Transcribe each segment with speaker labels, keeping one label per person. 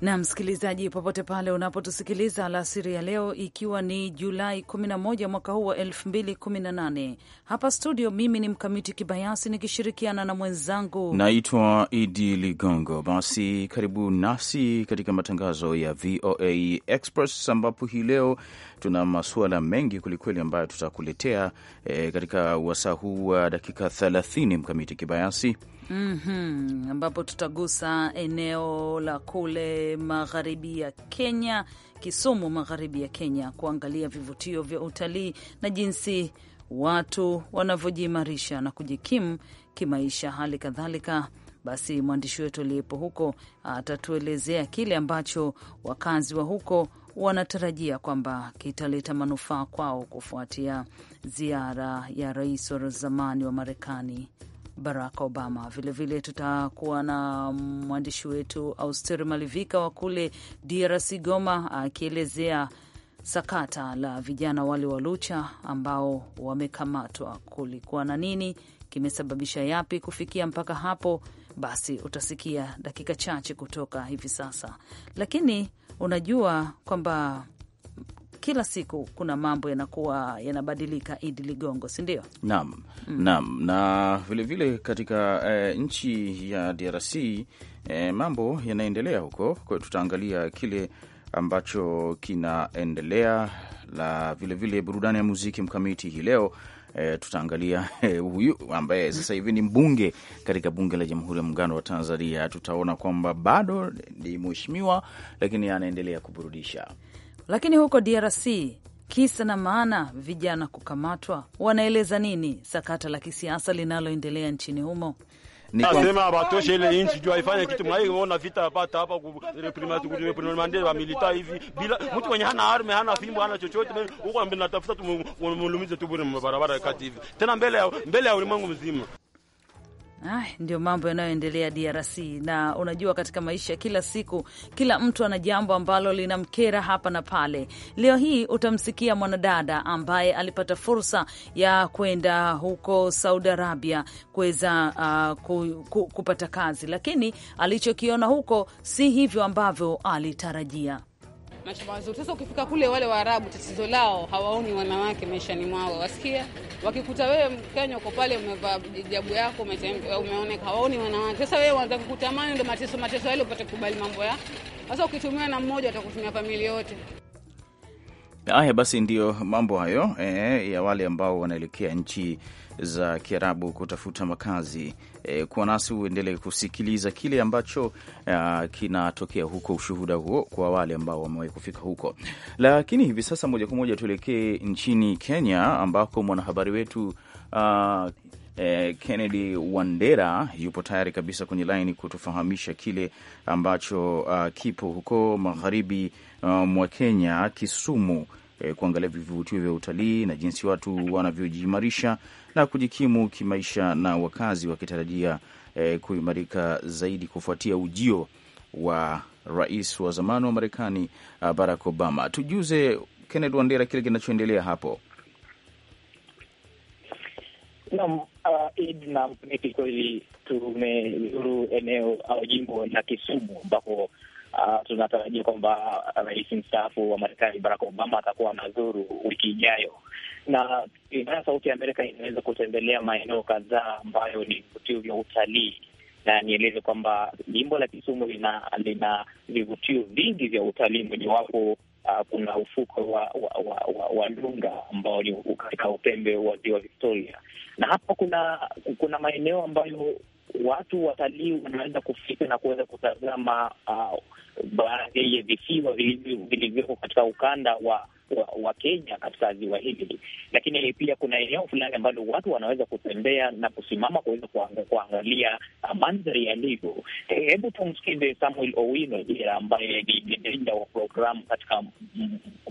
Speaker 1: na msikilizaji, popote pale unapotusikiliza alasiri ya leo, ikiwa ni Julai 11 mwaka huu wa 2018, hapa studio, mimi ni Mkamiti Kibayasi nikishirikiana na mwenzangu
Speaker 2: naitwa Idi Ligongo. Basi karibu nasi katika matangazo ya VOA Express, ambapo hii leo tuna masuala mengi kwelikweli ambayo tutakuletea e, katika wasaa huu wa dakika 30, Mkamiti Kibayasi.
Speaker 1: Mm -hmm. Ambapo tutagusa eneo la kule magharibi ya Kenya, Kisumu, magharibi ya Kenya, kuangalia vivutio vya utalii na jinsi watu wanavyojiimarisha na kujikimu kimaisha. Hali kadhalika basi, mwandishi wetu aliyepo huko atatuelezea kile ambacho wakazi wa huko wanatarajia kwamba kitaleta manufaa kwao kufuatia ziara ya rais wa zamani wa Marekani Barack Obama. Vilevile tutakuwa na mwandishi wetu Austeri Malivika wa kule DRC Goma akielezea sakata la vijana wale wa Lucha ambao wamekamatwa. Kulikuwa na nini? Kimesababisha yapi kufikia mpaka hapo? Basi utasikia dakika chache kutoka hivi sasa, lakini unajua kwamba kila siku kuna mambo yanakuwa yanabadilika, Idi Ligongo, sindio?
Speaker 2: Naam, mm. Naam, na vilevile vile katika e, nchi ya DRC e, eh, mambo yanaendelea huko, kwa tutaangalia kile ambacho kinaendelea la vilevile burudani ya muziki mkamiti hii leo. E, tutaangalia e, huyu ambaye sasa hivi ni mbunge katika bunge la Jamhuri ya Muungano wa Tanzania. Tutaona kwamba bado ni mheshimiwa, lakini anaendelea kuburudisha
Speaker 1: lakini huko DRC kisa na maana vijana kukamatwa, wanaeleza nini sakata la kisiasa linaloendelea nchini humo? Nasema batoshe ile inchi juu haifanye kitu mwa
Speaker 2: ona vita hapata hapa ku reprimande eh, wa milita hivi, bila mtu mwenye hana arme
Speaker 3: hana fimbo hana chochote, huko anatafuta tumulumize tu bure mbarabara kati hivi, tena mbele ya mbele ya ulimwengu mzima.
Speaker 1: Ay, ndio mambo yanayoendelea DRC. Na unajua katika maisha kila siku, kila mtu ana jambo ambalo linamkera hapa na pale. Leo hii utamsikia mwanadada ambaye alipata fursa ya kwenda huko Saudi Arabia kuweza uh, ku, ku, kupata kazi, lakini alichokiona huko si hivyo ambavyo alitarajia
Speaker 4: mashamba mazuri. Sasa ukifika kule, wale Waarabu tatizo lao hawaoni wanawake maishani mwao, wasikia wakikuta wewe Mkenya uko pale umevaa hijabu yako umeoneka, hawaoni wanawake. Sasa wewe wanataka kukutamani, ndo mateso mateso yale upate kukubali mambo ya sasa. Ukitumiwa na mmoja, watakutumia familia yote.
Speaker 2: Haya basi, ndiyo mambo hayo e, ya wale ambao wanaelekea nchi za Kiarabu kutafuta makazi e, kuwa nasi uendelee kusikiliza kile ambacho ah, kinatokea huko, ushuhuda huo kwa wale ambao wamewahi kufika huko. Lakini hivi sasa moja kwa moja tuelekee nchini Kenya ambako mwanahabari wetu a, ah, eh, Kennedy Wandera yupo tayari kabisa kwenye laini kutufahamisha kile ambacho uh, kipo huko magharibi Uh, mwa Kenya, Kisumu, e, kuangalia vivutio vya utalii na jinsi watu wanavyojiimarisha na kujikimu kimaisha, na wakazi wakitarajia e, kuimarika zaidi kufuatia ujio wa rais wa zamani wa Marekani uh, Barack Obama. Tujuze Kenneth Wandera kile kinachoendelea hapo.
Speaker 5: Naam, id uh, na Mkamiti, kweli tumezuru eneo au jimbo la Kisumu ambapo Uh, tunatarajia kwamba rais mstaafu wa Marekani Barack Obama atakuwa anazuru wiki ijayo, na idara ya Sauti ya Amerika inaweza kutembelea maeneo kadhaa ambayo ni vivutio vya utalii, na nieleze kwamba jimbo la Kisumu lina lina vivutio vingi vya utalii, mojawapo Uh, kuna ufuko wa wa, wa, wa, wa Lunga ambao ni katika upembe wa ziwa Victoria, na hapa kuna kuna maeneo ambayo watu watalii wanaweza kufika na kuweza kutazama uh, baadhi ya visiwa vilivyoko katika ukanda wa wa, wa Kenya katika ziwa hili, lakini pia kuna eneo fulani ambalo watu wanaweza kutembea na kusimama kuweza kuangalia uh, mandhari yalivyo. Hebu tumsikize Samuel Owino ambaye ni meneja wa programu katika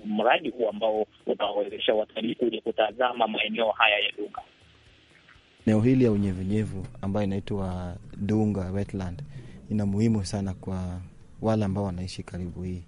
Speaker 5: mradi huu ambao unawawezesha watalii kuja kutazama maeneo haya ya Dunga.
Speaker 2: Eneo hili ya unyevunyevu ambayo inaitwa Dunga Wetland ina muhimu sana kwa wale ambao wanaishi karibu hii,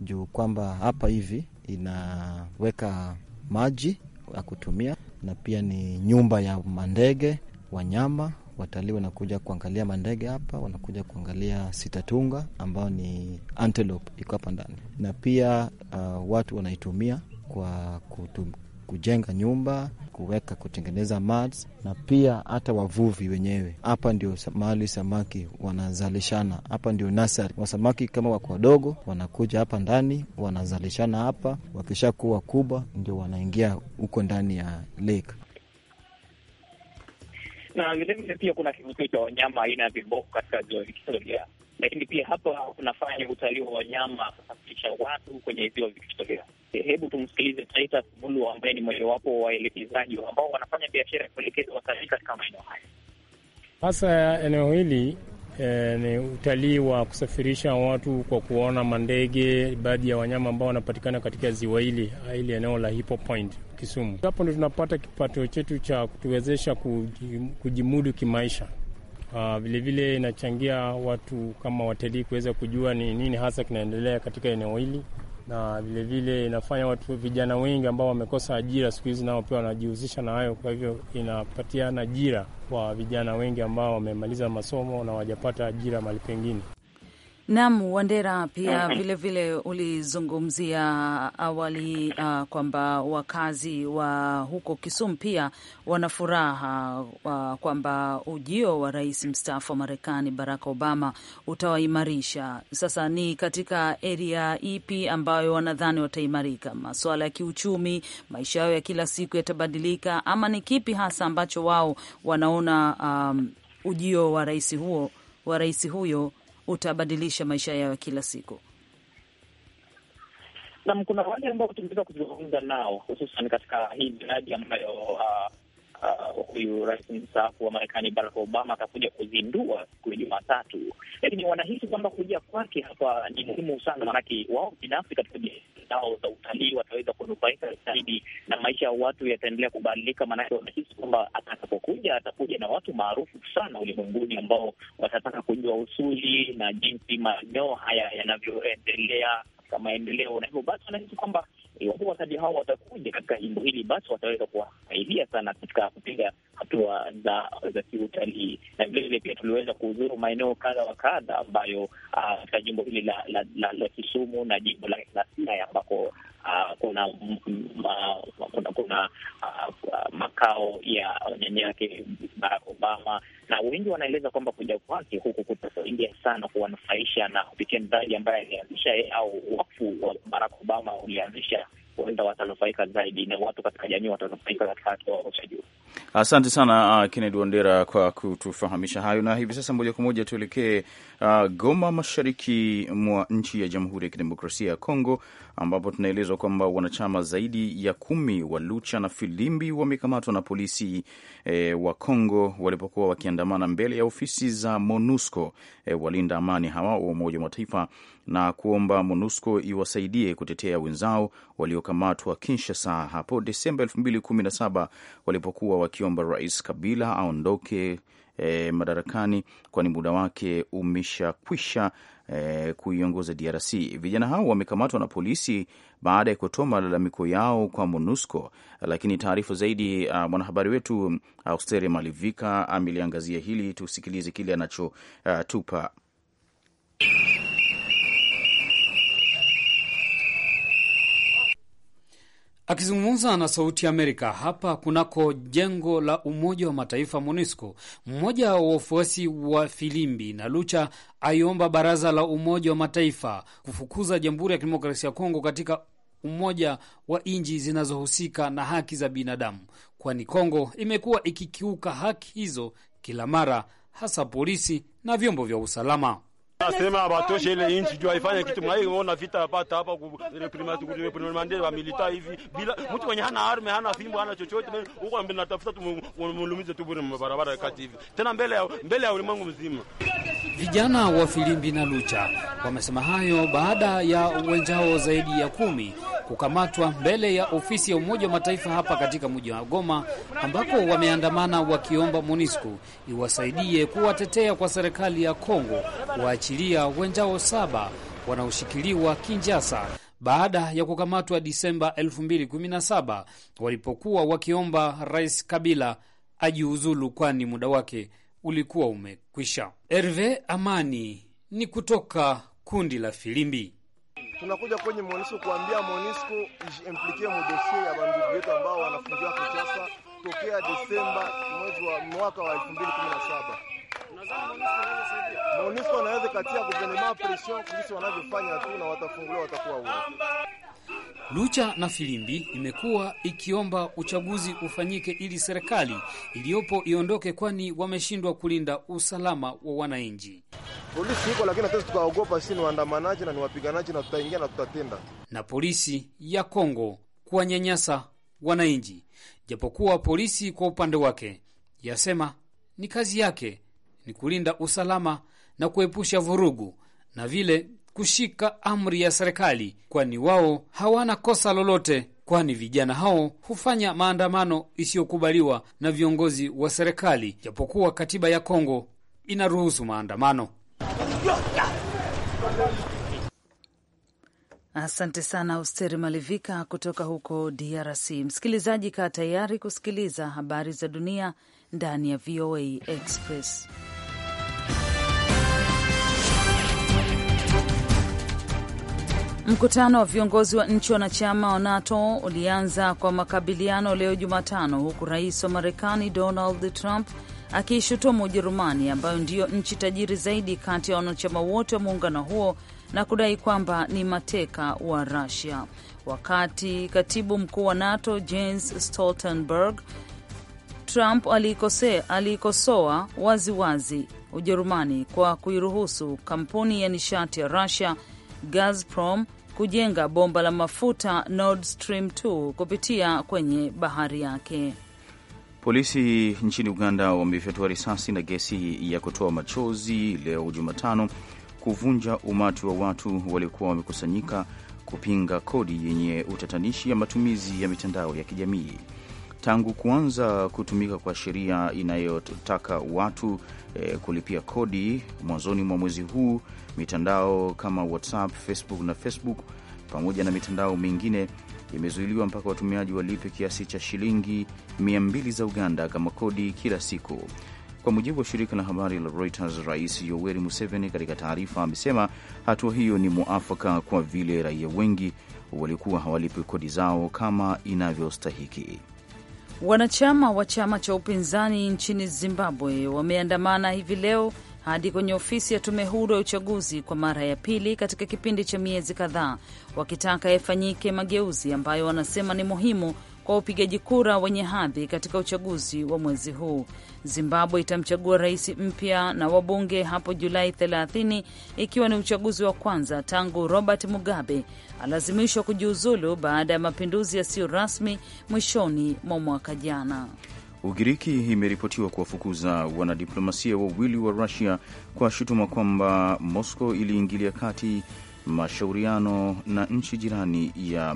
Speaker 2: juu kwamba hapa hivi inaweka maji ya kutumia na pia ni nyumba ya mandege, wanyama watalii wanakuja kuangalia mandege hapa, wanakuja kuangalia sitatunga ambao ni antelope iko hapa ndani, na pia uh, watu wanaitumia kwa kutum, kujenga nyumba, kuweka, kutengeneza mats, na pia hata wavuvi wenyewe. Hapa ndio mahali samaki wanazalishana, hapa ndio nasari wasamaki. Kama wako wadogo, wanakuja hapa ndani, wanazalishana hapa, wakishakuwa kubwa ndio wanaingia huko ndani ya lake
Speaker 5: na vilevile pia kuna kivutio cha wanyama aina ya viboko katika ziwa Victoria, lakini pia hapa kunafanya utalii wa wanyama kusafirisha watu kwenye ziwa Victoria. Hebu tumsikilize Taita Bulu ambaye ni mojawapo wa waelekezaji ambao wanafanya biashara ya kuelekeza watalii katika maeneo haya.
Speaker 6: Hasa eneo hili
Speaker 2: eh, ni utalii wa kusafirisha watu kwa kuona mandege, baadhi ya wanyama ambao wanapatikana katika ziwa hili hili eneo la Hippo Point Kisumu.
Speaker 3: Hapo ndio tunapata
Speaker 2: kipato chetu cha kutuwezesha kujimudu kimaisha. Uh, ah, vilevile inachangia watu kama watalii kuweza kujua ni nini hasa kinaendelea katika eneo hili na vilevile inafanya watu vijana wengi ambao wamekosa ajira siku hizi nao pia wanajihusisha na hayo. Kwa hivyo inapatiana ajira kwa vijana wengi ambao wamemaliza masomo na wajapata ajira mahali pengine.
Speaker 1: Nam Wandera, pia vilevile vile ulizungumzia awali uh, kwamba wakazi wa huko Kisumu pia wana furaha uh, kwamba ujio wa rais mstaafu wa Marekani Barack Obama utawaimarisha. Sasa ni katika eria ipi ambayo wanadhani wataimarika? Masuala ya kiuchumi, maisha yao ya kila siku yatabadilika, ama ni kipi hasa ambacho wao wanaona um, ujio wa rais huo wa rais huyo utabadilisha maisha yao ya kila siku?
Speaker 5: Nam, kuna wale ambao tumeweza kuzungumza nao hususan katika hii miradi ambayo uh, Uh, huyu uh, rais mstaafu wa Marekani Barack Obama atakuja kuzindua siku ya Jumatatu, lakini wanahisi kwamba kuja kwake hapa ni muhimu sana, maanake wao binafsi katika biashara zao za utalii wataweza kunufaika zaidi na maisha ya watu yataendelea kubadilika, maanake wanahisi kwamba atakapokuja atakuja na watu maarufu sana ulimwenguni ambao watataka kujua usuli na jinsi maeneo haya yanavyoendelea maendeleo na hivyo basi, wanahisi kwamba iwapo watalii hao watakuja katika jimbo hili, basi wataweza kuwasaidia sana katika kupiga hatua za za kiutalii, na vilevile pia tuliweza kuhudhuru maeneo kadha wa kadha ambayo ah, katika uh, jimbo hili la, la, la, la Kisumu na jimbo la, la ambako uh, kuna ma, ma, kuna, kuna uh, makao ya nyanya yake Barack Obama, na wengi wanaeleza kwamba kuja kwake huku kutasaidia sana kuwanufaisha na kupitia mradi ambaye alianzisha au wakfu wa Barack Obama ulianzisha huenda watanufaika zaidi na watu katika jamii watanufaika katika hatua za juu.
Speaker 2: Asante sana uh, Kennedy Wandera kwa kutufahamisha hayo, na hivi sasa moja kwa moja tuelekee uh, Goma, mashariki mwa nchi ya Jamhuri ya Kidemokrasia ya Kongo, ambapo tunaelezwa kwamba wanachama zaidi ya kumi wa Lucha na Filimbi wamekamatwa na polisi eh, wa Kongo walipokuwa wakiandamana mbele ya ofisi za MONUSCO eh, walinda amani hawa wa Umoja wa Mataifa na kuomba MONUSCO iwasaidie kutetea wenzao waliokamatwa Kinshasa hapo Desemba 2017 walipokuwa wakiomba Rais Kabila aondoke e, madarakani kwani muda wake umeshakwisha e, kuiongoza DRC. Vijana hao wamekamatwa na polisi baada ya kutoa malalamiko yao kwa MONUSCO, lakini taarifa zaidi ah, mwanahabari wetu ah, Austere Malivika ameliangazia hili. Tusikilize kile anachotupa
Speaker 1: uh,
Speaker 6: Akizungumza na Sauti ya Amerika hapa kunako jengo la Umoja wa Mataifa MONUSCO, mmoja wa wafuasi wa filimbi na Lucha aiomba baraza la Umoja wa Mataifa kufukuza Jamhuri ya Kidemokrasia ya Kongo katika umoja wa nchi zinazohusika na haki za binadamu, kwani Kongo imekuwa ikikiuka haki hizo kila mara, hasa polisi na vyombo vya usalama. Nasema abatoshe ile inchi jua ifanye kitu
Speaker 2: ona vita hapata hapa
Speaker 3: kuprimande wa milita hivi bila mtu mwenye hana arme hana fimbo hana chochote huko ambaye natafuta tumulumize tu bure kati hivi tena mbele ya mbele ya ulimwengu mzima.
Speaker 6: Vijana wa Filimbi na Lucha wamesema hayo baada ya wenzao zaidi ya kumi kukamatwa mbele ya ofisi ya Umoja wa Mataifa hapa katika mji wa Goma, ambako wameandamana wakiomba MONUSCO iwasaidie kuwatetea kwa serikali ya Kongo waachilia wenzao saba wanaoshikiliwa Kinjasa baada ya kukamatwa Disemba 2017 walipokuwa wakiomba Rais Kabila ajiuzulu kwani muda wake ulikuwa umekwisha. Herve Amani ni kutoka kundi la Filimbi.
Speaker 3: Tunakuja kwenye Monisco kuambia Monisco ijiimplikie mudosie ya bandugu yetu ambao wanafungiwa kisasa tokea Desemba mwezi wa mwaka wa saba. Monisco anaweza katia guvernema presion kuisi wanavyofanya tu, na watafunguliwa, watakuwa huru.
Speaker 6: Lucha na Filimbi imekuwa ikiomba uchaguzi ufanyike ili serikali iliyopo iondoke, kwani wameshindwa kulinda usalama wa wananchi.
Speaker 3: Polisi iko lakini hatuwezi tukaogopa, sisi ni waandamanaji na ni wapiganaji na tutaingia na tutatenda.
Speaker 6: Na polisi ya Kongo kuwanyanyasa wananchi, japokuwa polisi kwa upande wake yasema ni kazi yake ni kulinda usalama na kuepusha vurugu na vile kushika amri ya serikali, kwani wao hawana kosa lolote, kwani vijana hao hufanya maandamano isiyokubaliwa na viongozi wa serikali, japokuwa katiba ya Kongo inaruhusu maandamano.
Speaker 1: Asante sana Austeri Malivika kutoka huko DRC. Msikilizaji, kaa tayari kusikiliza habari za dunia ndani ya VOA Express. Mkutano wa viongozi wa nchi wanachama wa NATO ulianza kwa makabiliano leo Jumatano, huku rais wa Marekani Donald Trump akiishutumu Ujerumani ambayo ndiyo nchi tajiri zaidi kati ya wanachama wote wa muungano huo na kudai kwamba ni mateka wa Rusia, wakati katibu mkuu wa NATO Jens Stoltenberg Trump aliikosoa waziwazi Ujerumani kwa kuiruhusu kampuni ya nishati ya Rusia Gazprom kujenga bomba la mafuta Nord Stream 2 kupitia kwenye bahari yake.
Speaker 2: Polisi nchini Uganda wamefyatua risasi na gesi ya kutoa machozi leo Jumatano kuvunja umati wa watu waliokuwa wamekusanyika kupinga kodi yenye utatanishi ya matumizi ya mitandao ya kijamii tangu kuanza kutumika kwa sheria inayotaka watu eh, kulipia kodi mwanzoni mwa mwezi huu, mitandao kama WhatsApp, Facebook na Facebook pamoja na mitandao mingine imezuiliwa mpaka watumiaji walipe kiasi cha shilingi 200 za Uganda kama kodi kila siku. Kwa mujibu wa shirika la habari la Reuters, Rais Yoweri Museveni katika taarifa amesema hatua hiyo ni mwafaka kwa vile raia wengi walikuwa hawalipi kodi zao kama inavyostahiki.
Speaker 1: Wanachama wa chama cha upinzani nchini Zimbabwe wameandamana hivi leo hadi kwenye ofisi ya tume huru ya uchaguzi kwa mara ya pili katika kipindi cha miezi kadhaa, wakitaka yafanyike mageuzi ambayo wanasema ni muhimu kwa upigaji kura wenye hadhi katika uchaguzi wa mwezi huu. Zimbabwe itamchagua rais mpya na wabunge hapo Julai 30 ikiwa ni uchaguzi wa kwanza tangu Robert Mugabe alazimishwa kujiuzulu baada ya mapinduzi yasiyo rasmi mwishoni mwa mwaka jana.
Speaker 2: Ugiriki imeripotiwa kuwafukuza wanadiplomasia wawili wa Rusia kwa shutuma kwamba Moscow iliingilia kati mashauriano na nchi jirani ya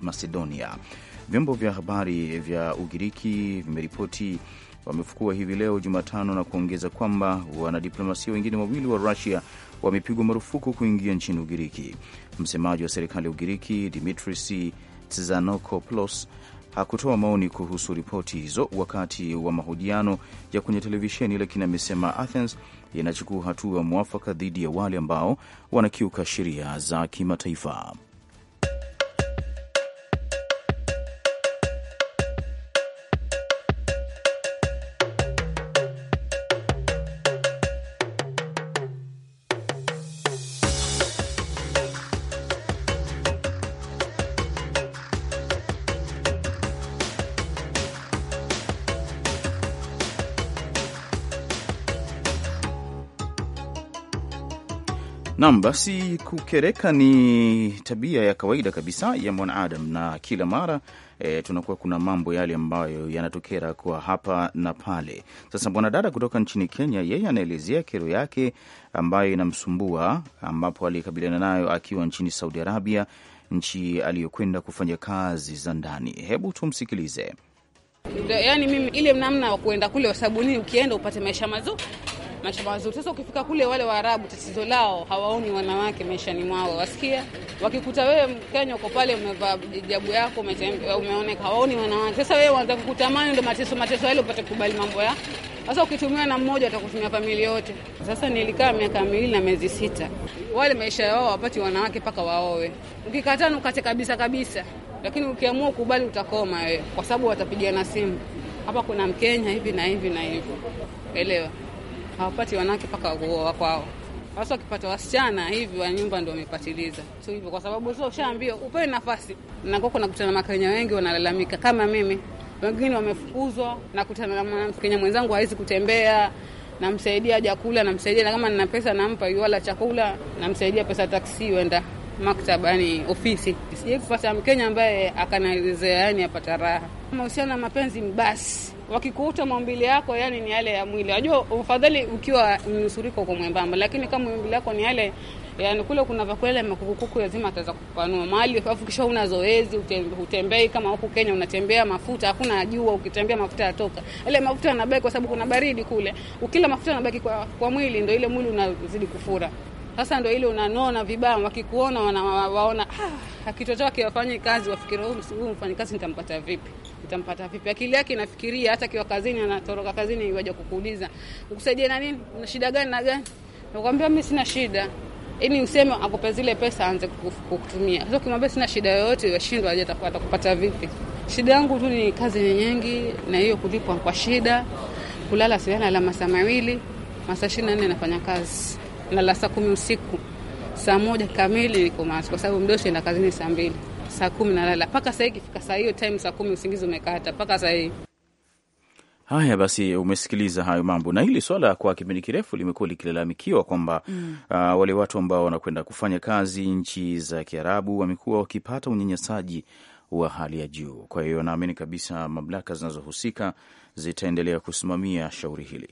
Speaker 2: Macedonia. Vyombo vya habari vya Ugiriki vimeripoti wamefukua hivi leo Jumatano na kuongeza kwamba wanadiplomasia wengine wawili wa Rusia wamepigwa marufuku kuingia nchini Ugiriki. Msemaji wa serikali ya Ugiriki Dimitris Tzanokoplos hakutoa maoni kuhusu ripoti hizo wakati wa mahojiano ya kwenye televisheni, lakini amesema Athens inachukua hatua mwafaka dhidi ya wale ambao wanakiuka sheria za kimataifa. Nam, basi kukereka ni tabia ya kawaida kabisa ya mwanadam na kila mara e, tunakuwa kuna mambo yale ambayo yanatokea kwa hapa na pale. Sasa mwanadada kutoka nchini Kenya, yeye anaelezea kero yake ambayo inamsumbua, ambapo alikabiliana nayo akiwa nchini Saudi Arabia, nchi aliyokwenda kufanya kazi za ndani. Hebu tumsikilize.
Speaker 4: Yaani mimi ile namna ya kuenda kule, kwa sababu ukienda upate maisha mazuri mashamba wazuri. Sasa ukifika kule, wale Waarabu tatizo lao hawaoni wanawake maishani mwao, wasikia wakikuta wewe Mkenya uko pale umevaa hijabu yako umeoneka, hawaoni wanawake. Sasa wewe wanza kukutamani, ndo mateso mateso yale upate kukubali mambo ya sasa ukitumiwa na mmoja atakutumia familia yote. Sasa nilikaa miaka miwili na miezi sita, wale maisha yao wapati wanawake mpaka waowe. Ukikataa ukate kabisa kabisa, lakini ukiamua ukubali utakoma wewe, kwa sababu watapigia na simu, hapa kuna Mkenya hivi na hivi na hivi, elewa hawapati wanawake mpaka wakuoa kwao. Sasa wakipata wasichana hivi wa nyumba ndio wamepatiliza tu hivyo, kwa sababu sio ushaambiwa upewe nafasi. Na Nakoko nakutana Makenya wengi wanalalamika kama mimi, wengine wamefukuzwa. Nakutana na Mkenya mwenzangu hawezi kutembea, namsaidia haja kula, namsaidia na kama nina pesa nampa wala chakula, namsaidia pesa taksi wenda maktaba, yani ofisi. Sijai kupata Mkenya ambaye akanaelezea yani apata raha mahusiano ya mapenzi mbasi, wakikuuta maumbili yako yani ni yale ya mwili. wajua ufadhali ukiwa mnusuriko kwa mwembamba, lakini kama maumbili yako ni yale yani kule kuna vakuele makukukuku lazima ataweza kupanua mali. Alafu kisha una zoezi, utembei kama huku Kenya unatembea mafuta, hakuna jua, ukitembea mafuta yatoka. Ile mafuta yanabaki kwa sababu kuna baridi kule. Ukila mafuta yanabaki kwa, kwa mwili ndio ile mwili unazidi kufura. Sasa ndio ile unanona vibaya, wakikuona wana waona ah, akitotoa kiwafanye kazi wafikiri huyu mfanyikazi nitampata vipi? utampata vipi? Akili yake inafikiria, hata akiwa kazini, anatoroka kazini, waja kukuuliza ukusaidia na nini, una shida gani na gani, nakwambia mimi sina shida Yaani useme akupe zile pesa aanze kukutumia. Sasa ukimwambia sina shida yoyote, washindwa aje atapata kupata vipi? Shida yangu tu ni kazi ni nyingi na hiyo kulipwa kwa shida. Kulala silala la masaa mawili, masaa nne nafanya kazi. Nalala saa kumi usiku. Saa moja kamili niko macho kwa sababu mdosi enda kazini saa mbili saa kumi nalala mpaka sahii. Ikifika saa hiyo time saa kumi usingizi umekata mpaka saa hii.
Speaker 2: Haya basi, umesikiliza hayo mambo. Na hili swala kwa kipindi kirefu limekuwa likilalamikiwa kwamba mm, uh, wale watu ambao wanakwenda kufanya kazi nchi za Kiarabu wamekuwa wakipata unyanyasaji wa hali ya juu. Kwa hiyo naamini kabisa mamlaka zinazohusika zitaendelea kusimamia shauri hili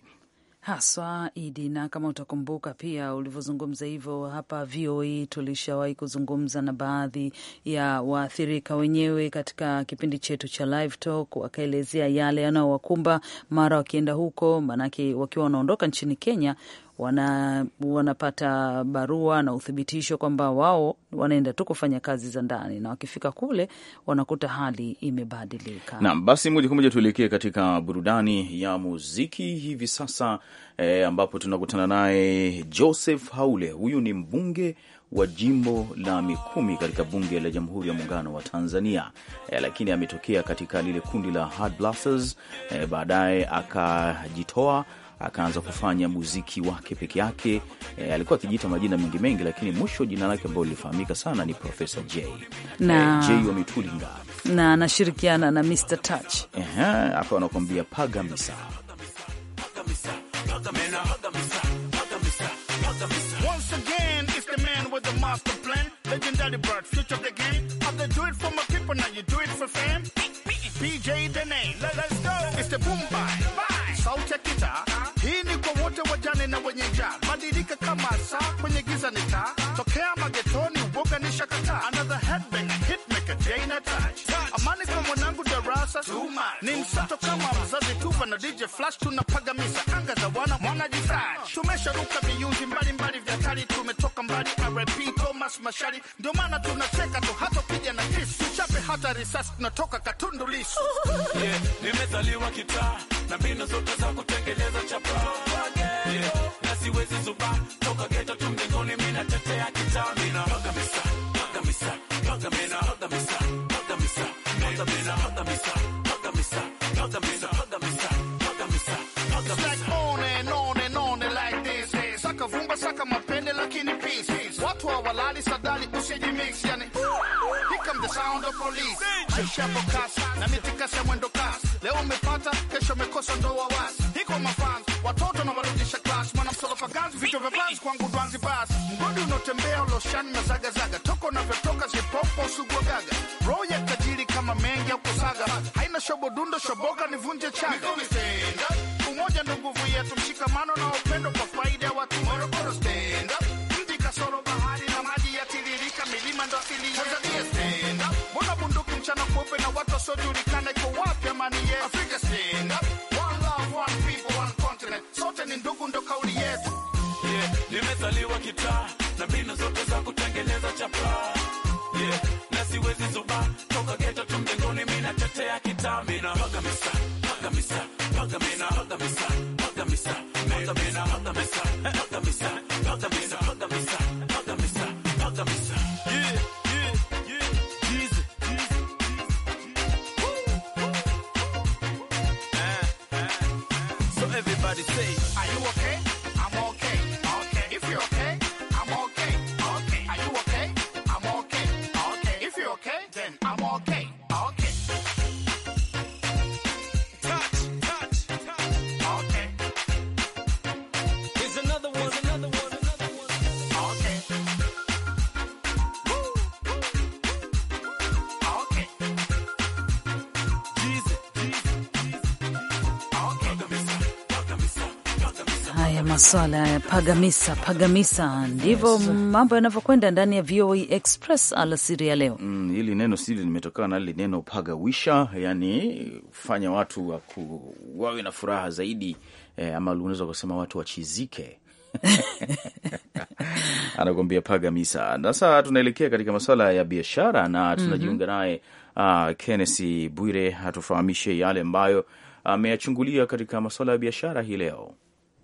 Speaker 1: haswa Idi. Na kama utakumbuka pia ulivyozungumza hivyo hapa VOA, e, tulishawahi kuzungumza na baadhi ya waathirika wenyewe katika kipindi chetu cha Live Talk, wakaelezea yale yanayowakumba mara wakienda huko, maanake wakiwa wanaondoka nchini Kenya wana, wanapata barua na uthibitisho kwamba wao wanaenda tu kufanya kazi za ndani, na wakifika kule wanakuta hali imebadilika. Naam,
Speaker 2: basi moja kwa moja tuelekee katika burudani ya muziki hivi sasa e, ambapo tunakutana naye Joseph Haule. Huyu ni mbunge wa jimbo la Mikumi katika bunge la Jamhuri ya Muungano wa Tanzania e, lakini ametokea katika lile kundi la Hard Blasters eh, baadaye akajitoa akaanza kufanya muziki wake peke yake. E, alikuwa akijiita majina mengi mengi, lakini mwisho jina lake ambayo lilifahamika sana ni Profesa J
Speaker 1: na e, J na anashirikiana na Mr Touch.
Speaker 2: Ehe, hapa anakuambia pagamisa misa
Speaker 3: BJ the name, let's go. It's the boom bye, bye. guitar wote wajane na wenye njaa, badilika kama saa kwenye giza ni taa, tokea magetoni uboga ni shakata, another headbang hit make hitmaker Jane touch amani kwa mwanangu darasa ni msato kama mzazi tuva na DJ Flash tunapaga misa anga za wana mwana jisa, tumesharuka viyunzi mbalimbali vya kali, tumetoka mbali RIP Thomas Mashari, ndio maana tunacheka tu hata piga na kisu tuchape hata risasi, tunatoka Katundu Lissu. Yeah, nimezaliwa kitaa na mbinu zote za kutengeleza chapa dhamira na siwezi zuba police. Maisha yapo kasi na mitikasi ya mwendo kasi. Leo umepata kesho umekosa ndoa mashani na zagazaga toko navyotoka sipopo sugwagaga roho ya tajiri kama mengi ya kusaga haina shobo dundo shoboka nivunje chaga umoja ndo nguvu yetu mshikamano na upendo kwa faida ya watu Morogoro stand up mji kasoro bahari na maji yatiririka milima ndo asili Tanzania stand up mbona bunduki mchana kuope na watu wasiojulikana iko wapi amani yetu Afrika stand Pagamena, Pagamisa, Pagamena, Pagamena, Pagamisa.
Speaker 1: Haya maswala ya pagamisa pagamisa, ndivyo yes, mambo yanavyokwenda ndani ya VOA Express alasiri ya leo. Mm,
Speaker 2: hili neno sili limetokana na lile neno pagawisha, yani fanya watu waku, wawe na furaha zaidi eh, ama unaweza ukasema watu wachizike anakuambia paga misa. Sasa tunaelekea katika masuala ya biashara na mhm. tunajiunga mm -hmm. naye uh, ah, Kennesi Bwire atufahamishe yale ambayo ameyachungulia uh, katika masuala ya biashara hii leo.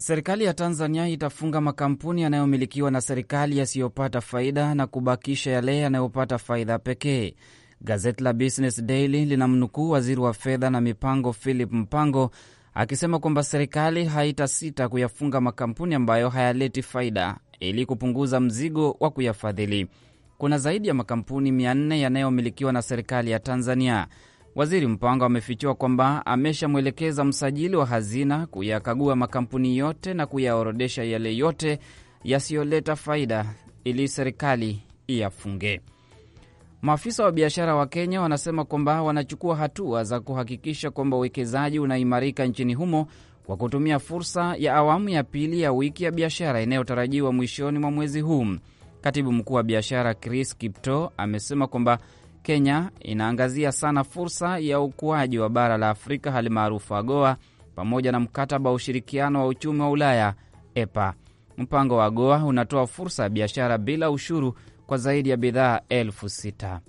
Speaker 7: Serikali ya Tanzania itafunga makampuni yanayomilikiwa na serikali yasiyopata faida na kubakisha yale yanayopata faida pekee. Gazeti la Business Daily linamnukuu waziri wa fedha na mipango Philip Mpango akisema kwamba serikali haitasita kuyafunga makampuni ambayo hayaleti faida ili kupunguza mzigo wa kuyafadhili. Kuna zaidi ya makampuni 400 yanayomilikiwa na serikali ya Tanzania. Waziri mpango amefichua kwamba ameshamwelekeza msajili wa hazina kuyakagua makampuni yote na kuyaorodesha yale yote yasiyoleta faida ili serikali iyafunge. Maafisa wa biashara wa Kenya wanasema kwamba wanachukua hatua za kuhakikisha kwamba uwekezaji unaimarika nchini humo kwa kutumia fursa ya awamu ya pili ya wiki ya biashara inayotarajiwa mwishoni mwa mwezi huu. Katibu mkuu wa biashara Chris Kipto amesema kwamba Kenya inaangazia sana fursa ya ukuaji wa bara la Afrika hali maarufu AGOA pamoja na mkataba wa ushirikiano wa uchumi wa Ulaya EPA. Mpango wa AGOA unatoa fursa ya biashara bila ushuru kwa zaidi ya bidhaa elfu sita.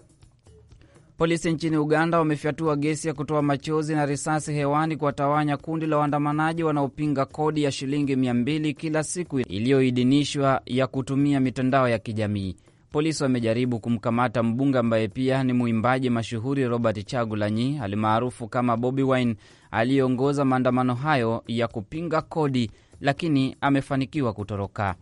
Speaker 7: Polisi nchini Uganda wamefyatua gesi ya kutoa machozi na risasi hewani kuwatawanya kundi la waandamanaji wanaopinga kodi ya shilingi mia kila siku iliyoidhinishwa ya kutumia mitandao ya kijamii. Polisi wamejaribu kumkamata mbunge ambaye pia ni mwimbaji mashuhuri Robert Chagulanyi alimaarufu kama Bobi Wine aliyeongoza maandamano hayo ya kupinga kodi, lakini amefanikiwa kutoroka.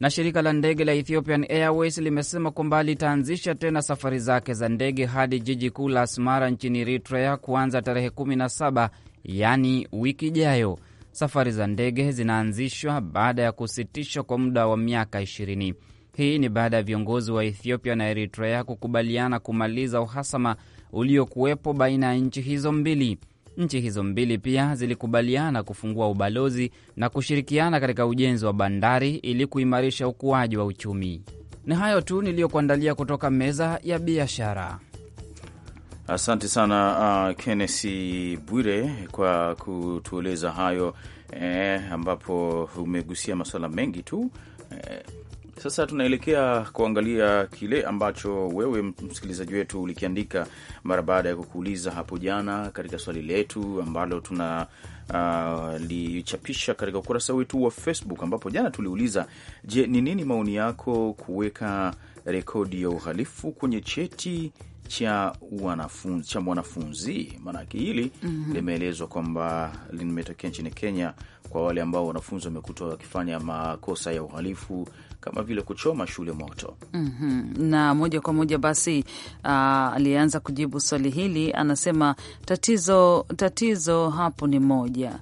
Speaker 7: Na shirika la ndege la Ethiopian Airways limesema kwamba litaanzisha tena safari zake za ndege hadi jiji kuu la Asmara nchini Eritrea kuanza tarehe 17 yaani wiki ijayo. Safari za ndege zinaanzishwa baada ya kusitishwa kwa muda wa miaka 20. Hii ni baada ya viongozi wa Ethiopia na Eritrea kukubaliana kumaliza uhasama uliokuwepo baina ya nchi hizo mbili. Nchi hizo mbili pia zilikubaliana kufungua ubalozi na kushirikiana katika ujenzi wa bandari ili kuimarisha ukuaji wa uchumi. Ni hayo tu niliyokuandalia kutoka meza ya biashara.
Speaker 2: Asante sana uh, Kennesi Bwire kwa kutueleza hayo eh, ambapo umegusia masuala mengi tu sasa tunaelekea kuangalia kile ambacho wewe msikilizaji wetu ulikiandika mara baada ya kukuuliza hapo jana katika swali letu ambalo tuna uh, lichapisha katika ukurasa wetu wa Facebook, ambapo jana tuliuliza, je, ni nini maoni yako kuweka rekodi ya uhalifu kwenye cheti cha wanafunzi cha mwanafunzi? Maanake hili mm -hmm. limeelezwa kwamba limetokea nchini Kenya kwa wale ambao wanafunzi wamekutwa wakifanya makosa ya uhalifu kama vile kuchoma shule moto.
Speaker 1: mm -hmm. Na moja kwa moja basi, uh, aliyeanza kujibu swali hili anasema tatizo, tatizo hapo ni moja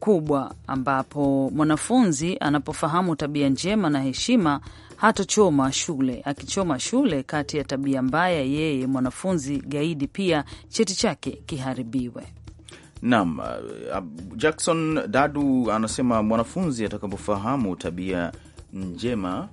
Speaker 1: kubwa, ambapo mwanafunzi anapofahamu tabia njema na heshima hatochoma shule. Akichoma shule, kati ya tabia mbaya, yeye mwanafunzi gaidi, pia cheti chake kiharibiwe.
Speaker 2: Naam, ah, Jackson Dadu anasema mwanafunzi atakapofahamu tabia njema.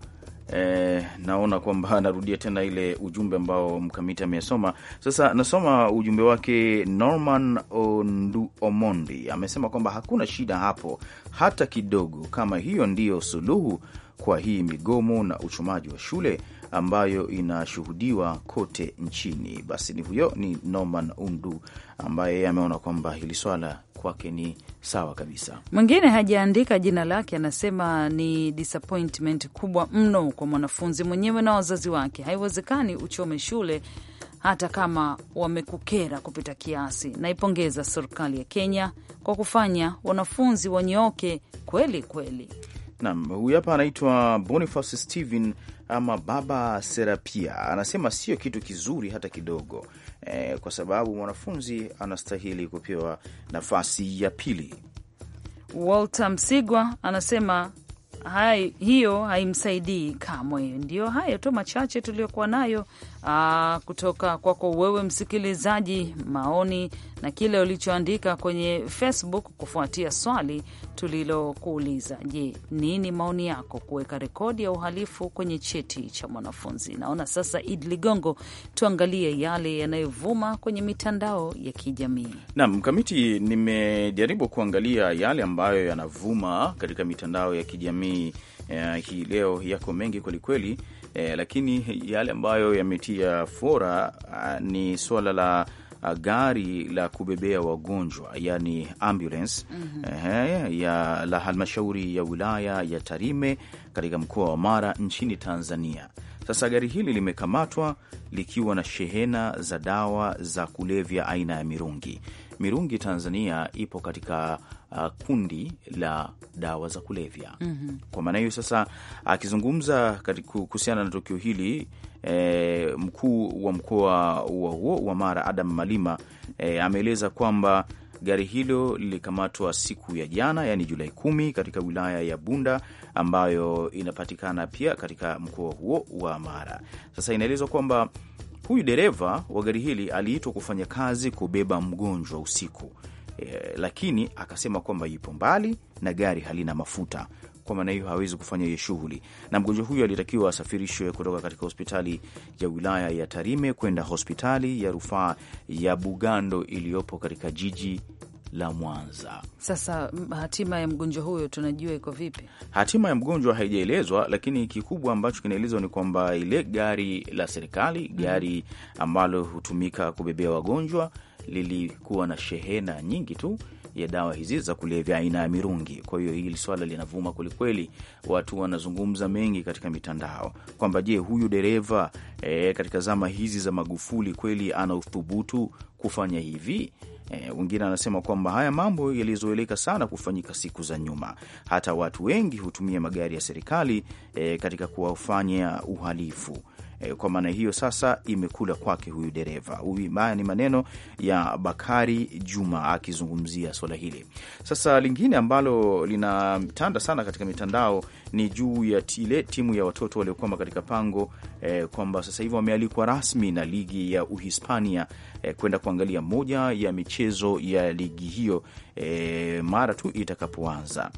Speaker 2: Eh, naona kwamba anarudia tena ile ujumbe ambao mkamiti amesoma. Sasa nasoma ujumbe wake. Norman Ondu Omondi amesema kwamba hakuna shida hapo hata kidogo, kama hiyo ndiyo suluhu kwa hii migomo na uchumaji wa shule ambayo inashuhudiwa kote nchini. Basi ni huyo ni Norman Undu ambaye ameona kwamba hili swala kwake ni Sawa kabisa.
Speaker 1: Mwingine hajaandika jina lake, anasema ni disappointment kubwa mno kwa mwanafunzi mwenyewe na wazazi wake. Haiwezekani uchome shule hata kama wamekukera kupita kiasi. Naipongeza serikali ya Kenya kwa kufanya wanafunzi wanyoke kweli kweli.
Speaker 2: Nam, huyu hapa anaitwa Boniface Steven ama Baba Serapia, anasema sio kitu kizuri hata kidogo e, kwa sababu mwanafunzi anastahili kupewa nafasi ya pili.
Speaker 1: Walter Msigwa anasema hai, hiyo haimsaidii kamwe. Ndiyo hayo tu machache tuliyokuwa nayo aa, ah, kutoka kwako wewe msikilizaji, maoni na kile ulichoandika kwenye Facebook kufuatia swali tulilokuuliza. Je, nini maoni yako kuweka rekodi ya uhalifu kwenye cheti cha mwanafunzi? Naona sasa, id Ligongo, tuangalie yale yanayovuma kwenye mitandao ya kijamii.
Speaker 2: Naam, Kamiti, nimejaribu kuangalia yale ambayo yanavuma katika mitandao ya kijamii eh, hii leo yako mengi kwelikweli eh, lakini yale ambayo yametia fora ah, ni swala la ah, gari la kubebea wagonjwa yani ambulance mm -hmm. eh, ya, la halmashauri ya wilaya ya Tarime katika mkoa wa Mara nchini Tanzania. Sasa gari hili limekamatwa likiwa na shehena za dawa za kulevya aina ya mirungi. Mirungi Tanzania ipo katika uh, kundi la dawa za kulevya mm -hmm. Kwa maana hiyo sasa, akizungumza kuhusiana na tukio hili e, mkuu wa mkoa huo wa Mara Adam Malima e, ameeleza kwamba gari hilo lilikamatwa siku ya jana, yaani Julai kumi, katika wilaya ya Bunda ambayo inapatikana pia katika mkoa huo wa Mara. Sasa inaelezwa kwamba huyu dereva wa gari hili aliitwa kufanya kazi kubeba mgonjwa usiku Eh, lakini akasema kwamba ipo mbali na gari halina mafuta kwa maana hiyo hawezi kufanya hiyo shughuli, na mgonjwa huyo alitakiwa asafirishwe kutoka katika hospitali ya wilaya ya Tarime kwenda hospitali ya rufaa ya Bugando iliyopo katika jiji la Mwanza.
Speaker 1: Sasa hatima ya mgonjwa huyo tunajua iko vipi?
Speaker 2: Hatima ya mgonjwa haijaelezwa, lakini kikubwa ambacho kinaelezwa ni kwamba ile gari la serikali, gari mm-hmm. ambalo hutumika kubebea wagonjwa lilikuwa na shehena nyingi tu ya dawa hizi za kulevya aina ya mirungi. Kwa hiyo hili swala linavuma kwelikweli, watu wanazungumza mengi katika mitandao kwamba je, huyu dereva e, katika zama hizi za Magufuli kweli ana uthubutu kufanya hivi? Eh, wengine anasema kwamba haya mambo yalizoeleka sana kufanyika siku za nyuma, hata watu wengi hutumia magari ya serikali e, katika kuwafanya uhalifu. E, kwa maana hiyo sasa imekula kwake huyu dereva huyu. Haya ni maneno ya Bakari Juma akizungumzia swala hili. Sasa lingine ambalo linatanda sana katika mitandao ni juu ya ile timu ya watoto waliokwama katika pango e, kwamba sasa hivi wamealikwa rasmi na ligi ya Uhispania e, kwenda kuangalia moja ya michezo ya ligi hiyo e, mara tu itakapoanza.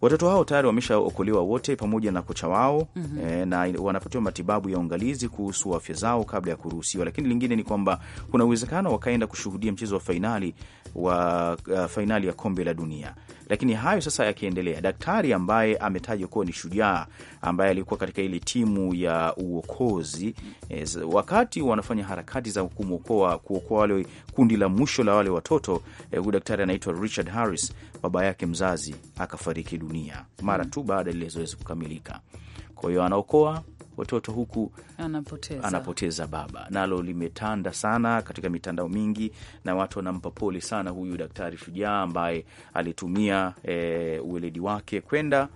Speaker 2: Watoto hao tayari wameshaokolewa wote pamoja na kocha wao mm -hmm. E, na wanapatiwa matibabu ya uangalizi kuhusu afya zao kabla ya kuruhusiwa. Lakini lingine ni kwamba kuna uwezekano wakaenda kushuhudia mchezo wa fainali wa uh, fainali ya kombe la dunia. Lakini hayo sasa yakiendelea, daktari ambaye ametajwa kuwa ni shujaa ambaye alikuwa katika ile timu ya uokozi e, wakati wanafanya harakati za kumwokoa kuokoa wale kundi la mwisho la wale watoto e, huyu daktari anaitwa Richard Harris baba yake mzazi akafariki dunia mara mm. tu baada ya lile zoezi kukamilika. Kwa hiyo anaokoa watoto huku
Speaker 1: anapoteza,
Speaker 2: anapoteza baba. Nalo limetanda sana katika mitandao mingi, na watu wanampa pole sana huyu daktari shujaa ambaye alitumia e, uweledi wake kwenda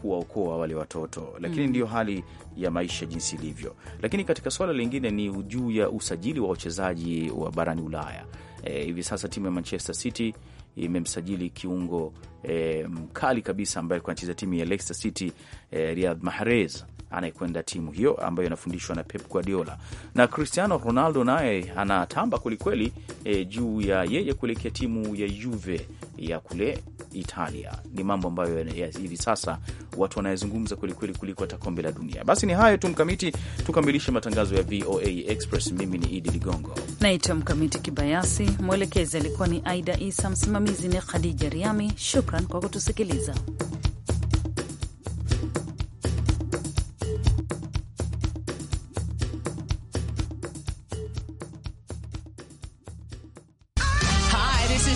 Speaker 2: kuwaokoa wale watoto, lakini mm, ndiyo hali ya maisha jinsi ilivyo. Lakini katika suala lingine ni juu ya usajili wa wachezaji wa barani Ulaya. E, sasa timu ya Manchester City imemsajili kiungo e, mkali kabisa ambaye alikuwa anacheza timu ya Leicester City e, Riyad Mahrez anayekwenda timu hiyo ambayo inafundishwa na Pep Guardiola. Na Cristiano Ronaldo naye anatamba kwelikweli e, juu ya yeye kuelekea timu ya Juve ya kule Italia. Ni mambo ambayo hivi sasa watu wanayezungumza kwelikweli kuliko hata kombe la dunia. Basi ni hayo tu, Mkamiti, tukamilishe matangazo ya VOA Express. Mimi ni Idi Ligongo
Speaker 1: naitwa Mkamiti Kibayasi, mwelekezi alikuwa ni Aida Isa, msimamizi ni Khadija Riami. Shukran kwa kutusikiliza.